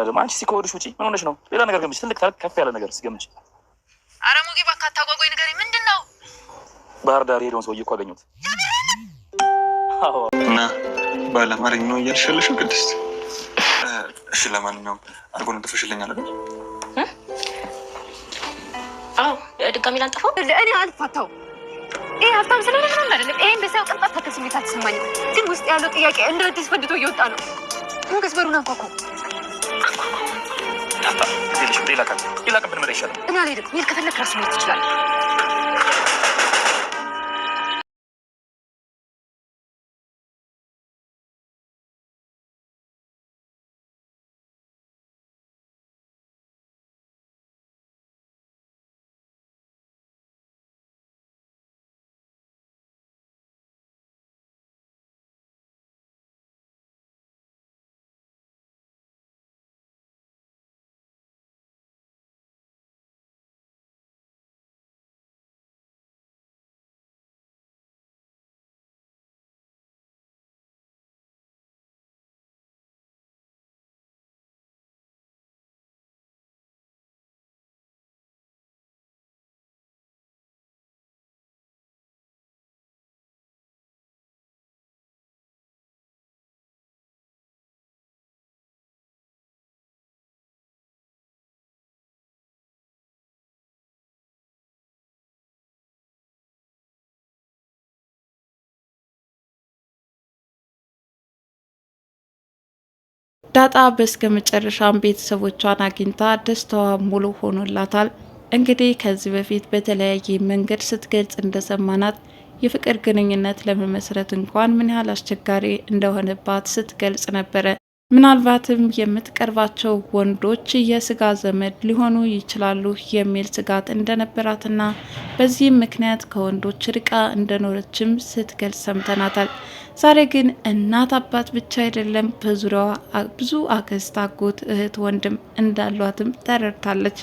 አንቺ ሲ ውጪ ምን ሆነሽ ነው? ሌላ ነገር ገምች፣ ትልቅ ታልቅ ከፍ ያለ ነገር ገምች። ኧረ ሙጌ እባክህ አታጓጓኝ፣ ንገሪኝ፣ ምንድን ነው? ባህር ዳር የሄደውን ሰውዬ እኮ አገኘሁት እና ባለማረኝ ነው እያልሸለሽ ቅድስት። እሺ ለማንኛውም አርጎ ነጥፈሽልኛል አይደል? አዎ ድጋሚ ላንጠፋው እኔ አልፋታው ይህ ሀብታም ስለሆነ ምንም አይደለም። ይህን በሰው ቅንጣት ታክል ስሜት ግን ውስጥ ያለው ጥያቄ እንደ አዲስ ፈንድቶ እየወጣ ነው። ሞገስ በሩን አንኳኩ። ሌላ ሌላ ቀን ቀን መላ ይሻላል። እኔ አልሄድም። መሄድ ከፈለግ ራሱ መሄድ ትችላለህ። ዳጣ በስከ መጨረሻም ቤተሰቦቿን አግኝታ ደስታዋ ሙሉ ሆኖላታል። እንግዲህ ከዚህ በፊት በተለያየ መንገድ ስትገልጽ እንደሰማናት የፍቅር ግንኙነት ለመመስረት እንኳን ምን ያህል አስቸጋሪ እንደሆነባት ስትገልጽ ነበረ። ምናልባትም የምትቀርባቸው ወንዶች የስጋ ዘመድ ሊሆኑ ይችላሉ የሚል ስጋት እንደነበራትና በዚህም ምክንያት ከወንዶች ርቃ እንደኖረችም ስትገልጽ ሰምተናታል። ዛሬ ግን እናት አባት ብቻ አይደለም በዙሪያዋ ብዙ አክስት፣ አጎት፣ እህት፣ ወንድም እንዳሏትም ተረድታለች።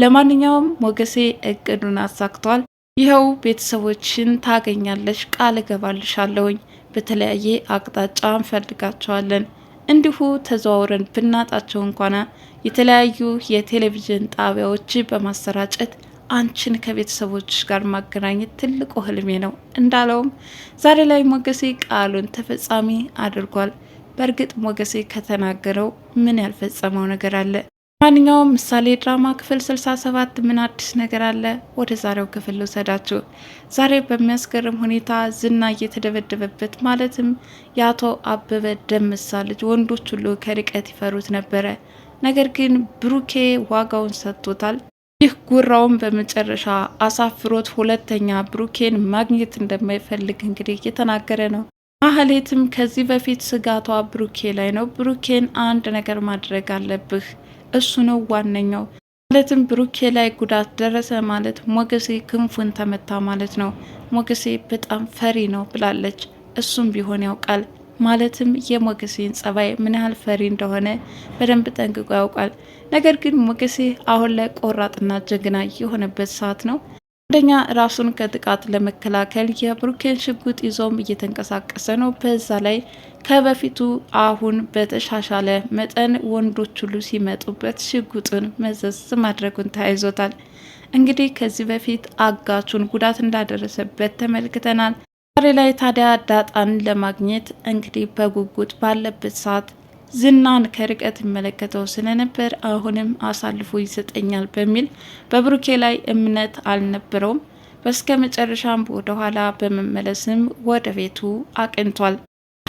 ለማንኛውም ሞገሴ እቅዱን አሳክቷል። ይኸው ቤተሰቦችን ታገኛለች፣ ቃል እገባልሻለሁኝ። በተለያየ አቅጣጫ እንፈልጋቸዋለን እንዲሁ ተዘዋውረን ብናጣቸው እንኳን የተለያዩ የቴሌቪዥን ጣቢያዎች በማሰራጨት አንቺን ከቤተሰቦች ጋር ማገናኘት ትልቁ ህልሜ ነው እንዳለውም ዛሬ ላይ ሞገሴ ቃሉን ተፈጻሚ አድርጓል። በእርግጥ ሞገሴ ከተናገረው ምን ያልፈጸመው ነገር አለ? ማንኛውም ምሳሌ ድራማ ክፍል 67 ምን አዲስ ነገር አለ? ወደ ዛሬው ክፍል ልውሰዳችሁ። ዛሬ በሚያስገርም ሁኔታ ዝና እየተደበደበበት ማለትም የአቶ አበበ ደምሳ ልጅ ወንዶች ሁሉ ከርቀት ይፈሩት ነበረ። ነገር ግን ብሩኬ ዋጋውን ሰጥቶታል። ይህ ጉራውን በመጨረሻ አሳፍሮት ሁለተኛ ብሩኬን ማግኘት እንደማይፈልግ እንግዲህ እየተናገረ ነው። ማህሌትም ከዚህ በፊት ስጋቷ ብሩኬ ላይ ነው። ብሩኬን አንድ ነገር ማድረግ አለብህ፣ እሱ ነው ዋነኛው። ማለትም ብሩኬ ላይ ጉዳት ደረሰ ማለት ሞገሴ ክንፉን ተመታ ማለት ነው። ሞገሴ በጣም ፈሪ ነው ብላለች። እሱም ቢሆን ያውቃል ማለትም የሞገሴን ጸባይ ምን ያህል ፈሪ እንደሆነ በደንብ ጠንቅቆ ያውቃል። ነገር ግን ሞገሴ አሁን ላይ ቆራጥና ጀግና የሆነበት ሰዓት ነው። አንደኛ ራሱን ከጥቃት ለመከላከል የብሩኬን ሽጉጥ ይዞም እየተንቀሳቀሰ ነው። በዛ ላይ ከበፊቱ አሁን በተሻሻለ መጠን ወንዶች ሁሉ ሲመጡበት ሽጉጡን መዘዝ ማድረጉን ተያይዞታል። እንግዲህ ከዚህ በፊት አጋቹን ጉዳት እንዳደረሰበት ተመልክተናል። ዛሬ ላይ ታዲያ ዳጣን ለማግኘት እንግዲህ በጉጉት ባለበት ሰዓት ዝናን ከርቀት ይመለከተው ስለነበር አሁንም አሳልፎ ይሰጠኛል በሚል በብሩኬ ላይ እምነት አልነበረውም። በስከ መጨረሻም ወደኋላ በመመለስም ወደ ቤቱ አቅንቷል።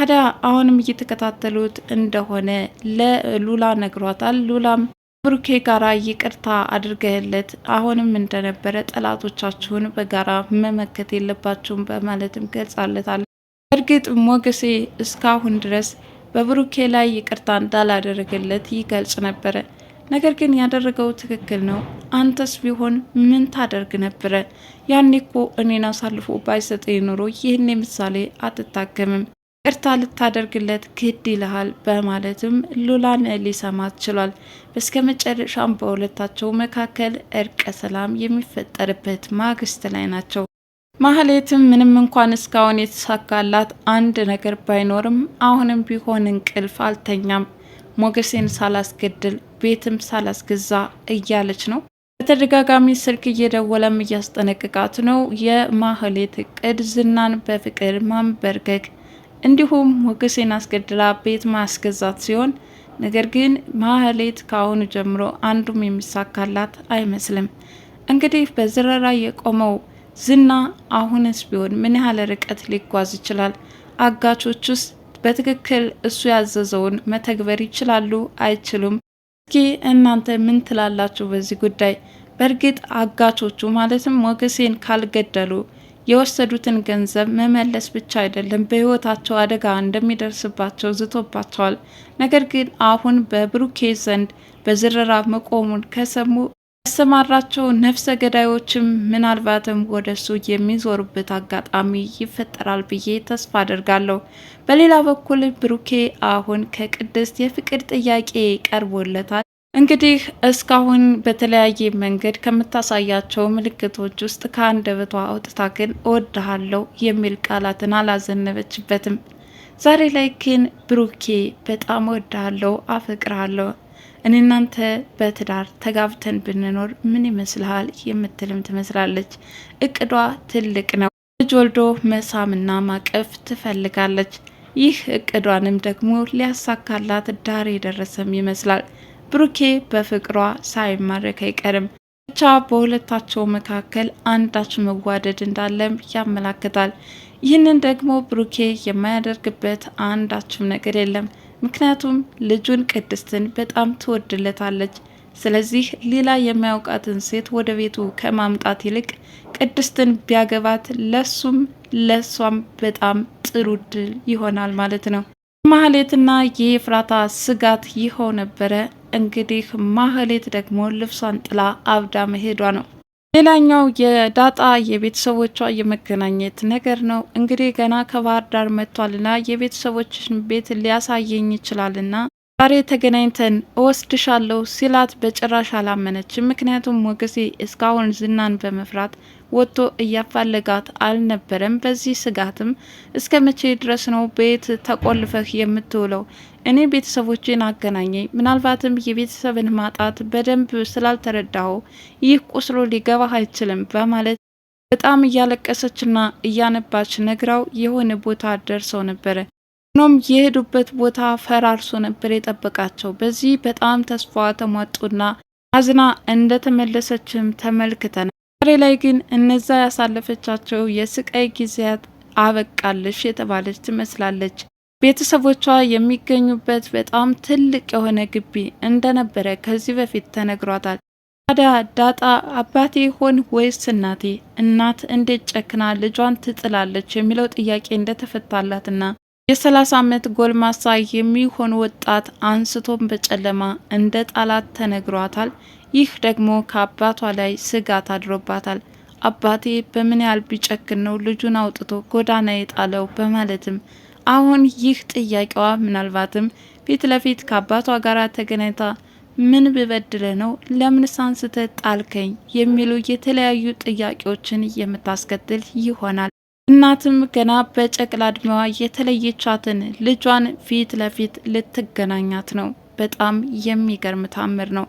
ታዲያ አሁንም እየተከታተሉት እንደሆነ ለሉላ ነግሯታል። ሉላም ብሩኬ ጋራ ይቅርታ አድርገለት አሁንም እንደነበረ ጠላቶቻችሁን በጋራ መመከት የለባችሁም በማለትም ገልጻለታል። እርግጥ ሞገሴ እስካሁን ድረስ በብሩኬ ላይ ይቅርታ እንዳላደረገለት ይገልጽ ነበረ። ነገር ግን ያደረገው ትክክል ነው። አንተስ ቢሆን ምን ታደርግ ነበረ? ያኔ እኮ እኔን አሳልፎ ባይሰጠኝ ኑሮ ይህን ምሳሌ አትታከምም ይቅርታ ልታደርግለት ግድ ይልሃል በማለትም ሉላን ሊሰማት ችሏል። በስከ መጨረሻም በሁለታቸው መካከል እርቀ ሰላም የሚፈጠርበት ማግስት ላይ ናቸው። ማህሌትም ምንም እንኳን እስካሁን የተሳካላት አንድ ነገር ባይኖርም አሁንም ቢሆን እንቅልፍ አልተኛም፣ ሞገሴን ሳላስገድል ቤትም ሳላስገዛ እያለች ነው። በተደጋጋሚ ስልክ እየደወለም እያስጠነቅቃት ነው። የማህሌት እቅድ ዝናን በፍቅር ማንበርገግ እንዲሁም ሞገሴን አስገድላ ቤት ማስገዛት ሲሆን ነገር ግን ማህሌት ከአሁኑ ጀምሮ አንዱም የሚሳካላት አይመስልም። እንግዲህ በዝረራ የቆመው ዝና አሁንስ ቢሆን ምን ያህል ርቀት ሊጓዝ ይችላል? አጋቾቹስ በትክክል እሱ ያዘዘውን መተግበር ይችላሉ አይችሉም? እስኪ እናንተ ምን ትላላችሁ በዚህ ጉዳይ? በእርግጥ አጋቾቹ ማለትም ሞገሴን ካልገደሉ የወሰዱትን ገንዘብ መመለስ ብቻ አይደለም በህይወታቸው አደጋ እንደሚደርስባቸው ዝቶባቸዋል። ነገር ግን አሁን በብሩኬ ዘንድ በዝረራ መቆሙን ከሰሙ ያሰማራቸው ነፍሰ ገዳዮችም ምናልባትም ወደ እሱ የሚዞሩበት አጋጣሚ ይፈጠራል ብዬ ተስፋ አደርጋለሁ። በሌላ በኩል ብሩኬ አሁን ከቅድስት የፍቅር ጥያቄ ቀርቦለታል። እንግዲህ እስካሁን በተለያየ መንገድ ከምታሳያቸው ምልክቶች ውስጥ ከአንደበቷ አውጥታ ግን እወድሃለሁ የሚል ቃላትን አላዘነበችበትም። ዛሬ ላይ ግን ብሩኬ በጣም እወድሃለሁ፣ አፈቅርሃለሁ እኔ እናንተ በትዳር ተጋብተን ብንኖር ምን ይመስልሃል? የምትልም ትመስላለች። እቅዷ ትልቅ ነው። ልጅ ወልዶ መሳምና ማቀፍ ትፈልጋለች። ይህ እቅዷንም ደግሞ ሊያሳካላት ዳር የደረሰም ይመስላል። ብሩኬ በፍቅሯ ሳይማረክ አይቀርም። ብቻ በሁለታቸው መካከል አንዳች መዋደድ እንዳለም ያመላክታል። ይህንን ደግሞ ብሩኬ የማያደርግበት አንዳችም ነገር የለም። ምክንያቱም ልጁን ቅድስትን በጣም ትወድለታለች። ስለዚህ ሌላ የማያውቃትን ሴት ወደ ቤቱ ከማምጣት ይልቅ ቅድስትን ቢያገባት ለሱም ለሷም በጣም ጥሩ ድል ይሆናል ማለት ነው። ማህሌትና የኤፍራታ ስጋት ይኸው ነበረ። እንግዲህ ማህሌት ደግሞ ልብሷን ጥላ አብዳ መሄዷ ነው። ሌላኛው የዳጣ የቤተሰቦቿ የመገናኘት ነገር ነው። እንግዲህ ገና ከባህር ዳር መጥቷልና የቤተሰቦችን ቤት ሊያሳየኝ ይችላልና ዛሬ ተገናኝተን እወስድሻለሁ ሲላት በጭራሽ አላመነች። ምክንያቱም ሞገሴ እስካሁን ዝናን በመፍራት ወጥቶ እያፋለጋት አልነበረም። በዚህ ስጋትም እስከ መቼ ድረስ ነው ቤት ተቆልፈህ የምትውለው? እኔ ቤተሰቦችን አገናኘኝ። ምናልባትም የቤተሰብን ማጣት በደንብ ስላልተረዳሁ ይህ ቁስሎ ሊገባህ አይችልም በማለት በጣም እያለቀሰችና እያነባች ነግራው የሆነ ቦታ ደርሰው ነበረ። ሆኖም የሄዱበት ቦታ ፈራርሶ ነበር የጠበቃቸው። በዚህ በጣም ተስፋ ተሟጡና አዝና እንደተመለሰችም ተመልክተናል። ዛሬ ላይ ግን እነዛ ያሳለፈቻቸው የስቃይ ጊዜያት አበቃለች የተባለች ትመስላለች። ቤተሰቦቿ የሚገኙበት በጣም ትልቅ የሆነ ግቢ እንደነበረ ከዚህ በፊት ተነግሯታል። ታዲያ ዳጣ አባቴ ሆን ወይስ እናቴ፣ እናት እንዴት ጨክና ልጇን ትጥላለች የሚለው ጥያቄ እንደተፈታላትና የሰላሳ ዓመት ጎልማሳ የሚሆን ወጣት አንስቶን በጨለማ እንደ ጣላት ተነግሯታል። ይህ ደግሞ ከአባቷ ላይ ስጋት አድሮባታል። አባቴ በምን ያህል ቢጨክን ነው ልጁን አውጥቶ ጎዳና የጣለው? በማለትም አሁን ይህ ጥያቄዋ ምናልባትም ፊት ለፊት ከአባቷ ጋር ተገናኝታ ምን ብበድለ ነው ለምን ሳንስተ ጣልከኝ የሚሉ የተለያዩ ጥያቄዎችን የምታስከትል ይሆናል። እናትም ገና በጨቅላ እድሜዋ የተለየቻትን ልጇን ፊት ለፊት ልትገናኛት ነው። በጣም የሚገርም ታምር ነው።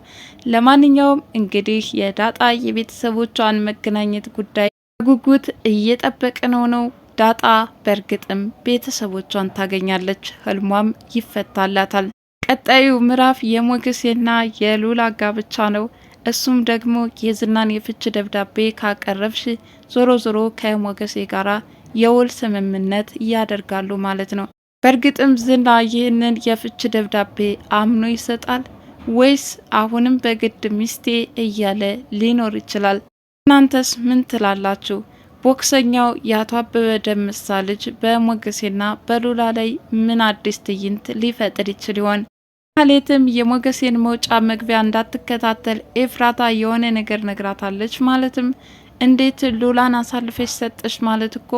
ለማንኛውም እንግዲህ የዳጣ የቤተሰቦቿን መገናኘት ጉዳይ በጉጉት እየጠበቀ ነው። ዳጣ በእርግጥም ቤተሰቦቿን ታገኛለች፣ ህልሟም ይፈታላታል። ቀጣዩ ምዕራፍ የሞገሴና የሉላ ጋብቻ ነው። እሱም ደግሞ የዝናን የፍች ደብዳቤ ካቀረብሽ ዞሮ ዞሮ ከሞገሴ ጋራ የውል ስምምነት ያደርጋሉ ማለት ነው። በእርግጥም ዝና ይህንን የፍች ደብዳቤ አምኖ ይሰጣል ወይስ አሁንም በግድ ሚስቴ እያለ ሊኖር ይችላል? እናንተስ ምን ትላላችሁ? ቦክሰኛው የአቶ አበበ ደምሳ ልጅ በሞገሴና በሉላ ላይ ምን አዲስ ትዕይንት ሊፈጥር ይችል ይሆን? ማለትም የሞገሴን መውጫ መግቢያ እንዳትከታተል ኤፍራታ የሆነ ነገር ነግራታለች። ማለትም እንዴት ሉላን አሳልፈች ሰጠች ማለት እኮ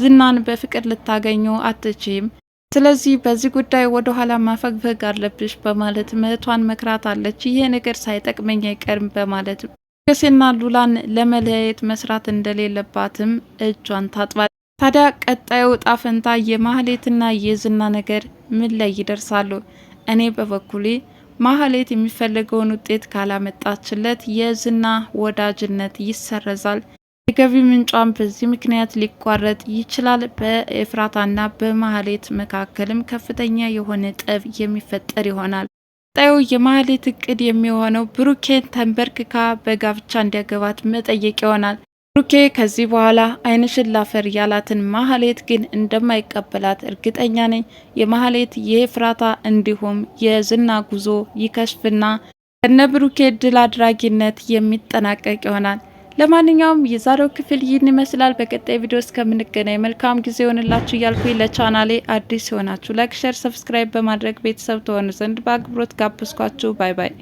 ዝናን በፍቅር ልታገኙ አትችም። ስለዚህ በዚህ ጉዳይ ወደ ኋላ ማፈግፈግ አለብሽ በማለት ምህቷን መክራት አለች። ይሄ ነገር ሳይጠቅመኝ አይቀርም በማለት ሞገሴና ሉላን ለመለያየት መስራት እንደሌለባትም እጇን ታጥባል። ታዲያ ቀጣዩ እጣ ፈንታ የማህሌትና የዝና ነገር ምን ላይ ይደርሳሉ? እኔ በበኩሌ ማህሌት የሚፈለገውን ውጤት ካላመጣችለት የዝና ወዳጅነት ይሰረዛል። የገቢ ምንጯን በዚህ ምክንያት ሊቋረጥ ይችላል። በኤፍራታና በማህሌት መካከልም ከፍተኛ የሆነ ጠብ የሚፈጠር ይሆናል። ጣዩ የማህሌት እቅድ የሚሆነው ብሩኬን ተንበርክካ በጋብቻ እንዲያገባት መጠየቅ ይሆናል። ብሩኬ ከዚህ በኋላ ዓይንሽን ላፈር ያላትን ማህሌት ግን እንደማይቀበላት እርግጠኛ ነኝ። የማህሌት የኤፍራታ እንዲሁም የዝና ጉዞ ይከሽፍና ከነ ብሩኬ ድል አድራጊነት የሚጠናቀቅ ይሆናል። ለማንኛውም የዛሬው ክፍል ይህን ይመስላል። በቀጣይ ቪዲዮ እስከምንገናኝ መልካም ጊዜ ሆንላችሁ እያልኩ ለቻናሌ አዲስ ሲሆናችሁ ላይክ፣ ሸር፣ ሰብስክራይብ በማድረግ ቤተሰብ ተሆኑ ዘንድ በአክብሮት ጋብዝኳችሁ። ባይ ባይ።